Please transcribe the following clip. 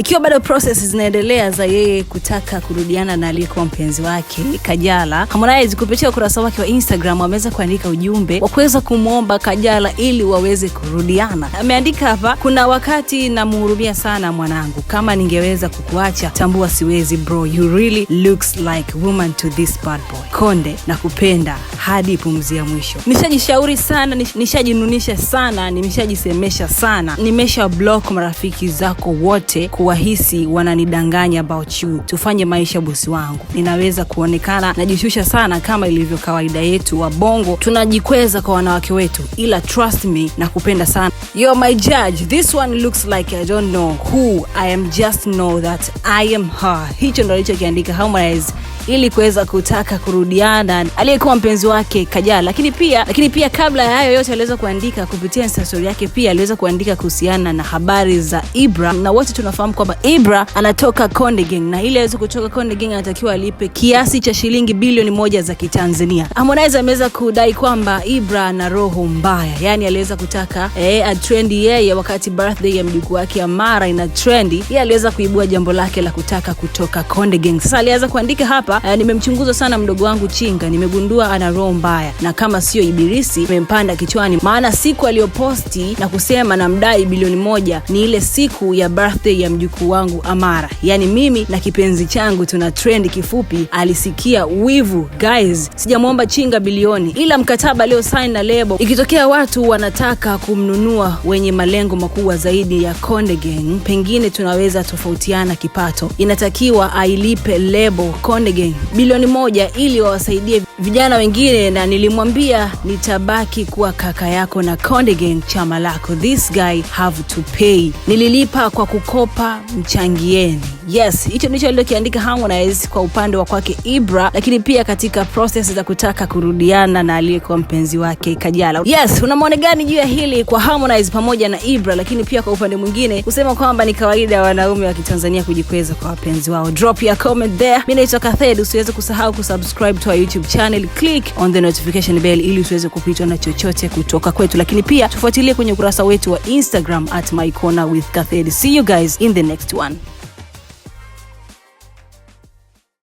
Ikiwa bado process zinaendelea za yeye kutaka kurudiana na aliyekuwa mpenzi wake Kajala, Harmonize kupitia ukurasa wake wa Instagram ameweza kuandika ujumbe wa kuweza kumwomba Kajala ili waweze kurudiana. Ameandika hapa, kuna wakati namhurumia sana mwanangu, kama ningeweza kukuacha, tambua siwezi bro, you really looks like woman to this bad boy. Konde, nakupenda hadi pumzi ya mwisho. Nishajishauri sana, nishajinunisha sana, nimeshajisemesha sana, nimesha block marafiki zako wote kuwahisi wananidanganya about you. Tufanye maisha bosi wangu, ninaweza kuonekana najishusha sana kama ilivyo kawaida yetu wa Bongo, tunajikweza kwa wanawake wetu, ila trust me, na kupenda sana. Yo, my judge. This one looks like I don't know who I am, just know that I am her. Hicho ndo alichokiandika Harmonize ili kuweza kutaka kurudiana aliyekuwa mpenzi wake Kajala, lakini pia lakini pia kabla ya hayo yote aliweza kuandika kupitia Insta story yake, pia aliweza kuandika kuhusiana na habari za Ibra, na wote tunafahamu kwamba Ibra anatoka Konde Gang, na ili aweze kutoka Konde Gang anatakiwa alipe kiasi cha shilingi bilioni moja za Kitanzania. Harmonize ameweza kudai kwamba Ibra ana roho mbaya, yani aliweza kutaka eh, atrendi yeye wakati birthday ya mjukuu wake Amara ina trendi, yeye aliweza kuibua jambo lake la kutaka kutoka Konde Gang. Sasa alianza kuandika hapa eh, nimemchunguza sana mdogo wangu Chinga, nimegundua ana roho roho mbaya, na kama siyo ibilisi imempanda kichwani, maana siku aliyoposti na kusema namdai bilioni moja ni ile siku ya birthday ya mjukuu wangu Amara, yaani mimi na kipenzi changu tuna trend kifupi, alisikia wivu. Guys, sijamwomba chinga bilioni, ila mkataba aliosaini na lebo, ikitokea watu wanataka kumnunua wenye malengo makubwa zaidi ya Konde Gang, pengine tunaweza tofautiana kipato. Inatakiwa ailipe lebo Konde Gang bilioni moja ili wawasaidie vijana wengine mwingine, na nilimwambia nitabaki kuwa kaka yako na condegan chama lako. This guy have to pay. Nililipa kwa kukopa, mchangieni. Yes, hicho ndicho alichokiandika Harmonize kwa upande wa kwake Ibra, lakini pia katika process za kutaka kurudiana na aliyekuwa mpenzi wake Kajala. Yes, una maoni gani juu ya hili kwa Harmonize pamoja na Ibra? Lakini pia kwa upande mwingine husema kwamba ni kawaida wanaume wa Kitanzania kujikweza kwa wapenzi wao. Drop ya comment there. Mimi naitwa Kathed, usiweze kusahau kusubscribe to our YouTube channel, click on the notification bell ili usiweze kupitwa na chochote kutoka kwetu, lakini pia tufuatilie kwenye ukurasa wetu wa Instagram at corner with Kathed. See you guys in the next one.